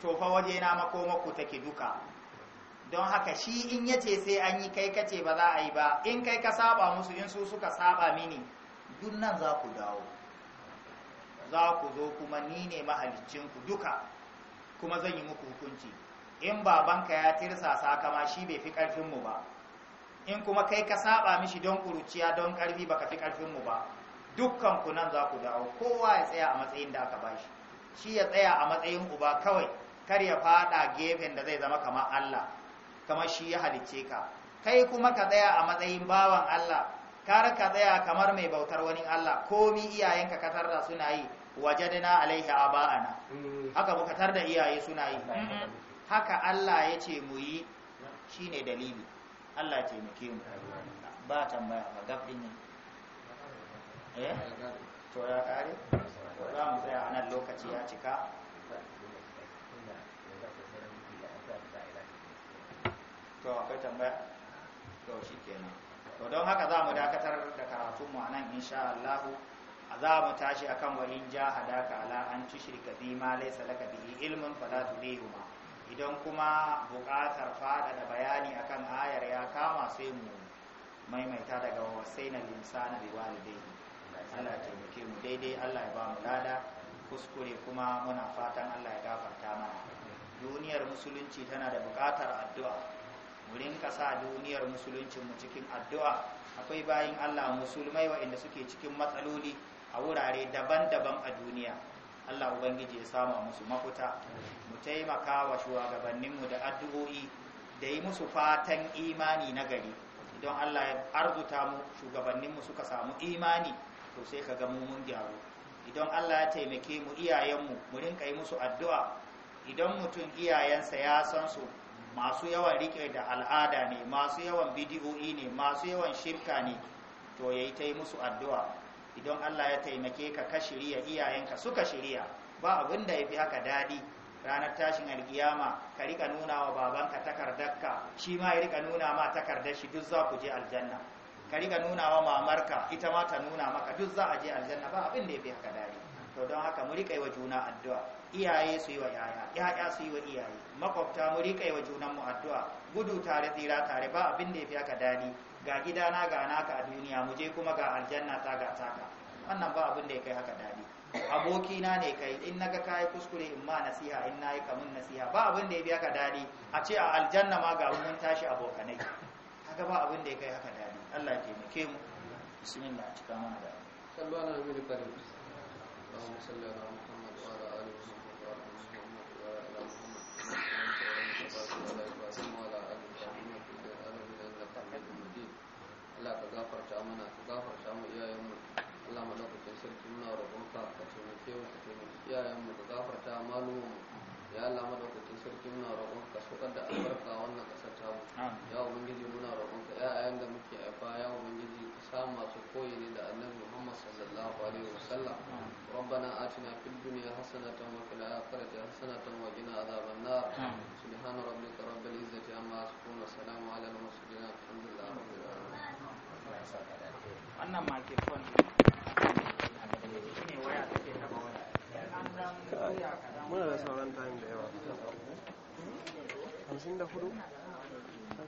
to fa waje na makomaku take duka don haka shi in yace sai an yi kai kace ba za a yi ba in kai ka saba musu in su suka saba mini duk nan za ku dawo za ku zo kuma ni ne mahaliccinku duka kuma zan yi muku hukunci in babanka ya tirsasa kama shi bai fi ƙarfinmu ba in kuma kai ka saba mishi don ƙuruciya don ƙarfi baka fi ƙarfinmu ba dukkan ku nan za ku dawo kowa ya tsaya a matsayin da aka bashi shi ya tsaya a matsayin uba kawai kar ya fada gefen da zai zama kamar Allah kamar shi ya halicce ka kai kuma ka tsaya a matsayin bawan Allah kar ka tsaya kamar mai bautar wani Allah komi iyayenka ka tarda suna yi wajadna alaihi aba'ana mm. haka muka tarda iyaye suna yi mm-hmm. haka Allah ya ce mu yi shine dalili Allah ya taimake mu ba tambaya ba gabdin ne eh to ya kare za mu tsaya a nan lokaci ya cika to akwai tambaya to shi kenan to don haka za mu dakatar da karatunmu a nan insha Allah azaba tashi akan wani in jahadaka ala an tushrika bi ma laysa laka bihi ilmun fala tudihuma idan kuma buƙatar da bayani akan ayar ya kama sai mu maimaita daga wasaina linsana bi walidayhi Allah taimake mu daidai Allah ya ba mu lada kuskure kuma muna fatan Allah ya gafarta mana duniyar musulunci tana da buƙatar addu'a mu rinka sa duniyar musulunci mu cikin addu'a akwai bayin Allah musulmai wa inda suke cikin matsaloli a wurare daban-daban a duniya Allah Ubangiji ya sama musu mafuta mu taimaka wa shugabanninmu da addu'o'i da yi musu fatan imani na gari don Allah ya arzuta mu shugabanninmu suka samu imani to sai ka ga mun gyaru idan Allah ya taimake mu iyayenmu mu rinka yi musu addu'a idan mutum iyayensa ya san su masu yawan rike da al'ada ne masu yawan bidiyo'i ne masu yawan shirka ne to yayi ta yi musu addu'a idan Allah ya taimake ka ka shirya iyayenka suka shirya ba abin da ya fi haka daɗi ranar tashin alkiyama ka rika nuna wa babanka takardarka shi ma ya rika nuna ma takardar shi duk za ku je aljanna ka rika nuna wa mamarka ita ma ta nuna maka duk za a je aljanna ba abin da ya fi haka daɗi to don haka mu rika yi wa juna addu'a iyaye su yi wa yaya yaya su yi wa iyaye makwabta mu rika yi wa junanmu addu'a gudu tare tsira tare ba abin da ya fi haka daɗi ga gidana ga naka a duniya mu je kuma ga aljanna ta ga taka wannan ba abin da ya kai haka dadi aboki na ne kai in naga kai kuskure in ma nasiha in nayi kamun nasiha ba abin da ya biya ka dadi a ce a aljanna ma ga mun tashi abokanai kaga ba abin da ya kai haka dadi Allah ya taimake mu bismillah cika mana da sallallahu alaihi wa sallam mana ka ta mu iyayenmu Allah mu dauke sarki muna roƙonka ka taimake mu ka taimaki iyayenmu ka gafarta malumanmu ya Allah mu dauke sarki muna roƙonka ka sokar da albarka wannan kasar ta mu ya ubangiji muna roƙonka ƴaƴan da muke aifa ya ubangiji ka sa masu koyi ne da annabi Muhammad sallallahu alaihi wasallam ربنا آتنا في الدنيا حسنة وفي الآخرة حسنة وقنا عذاب النار سبحان ربك رب العزة عما يصفون وسلام على المرسلين الحمد لله رب العالمين wannan makirfon ne waya take taba waya muna da sauran time da yawa 54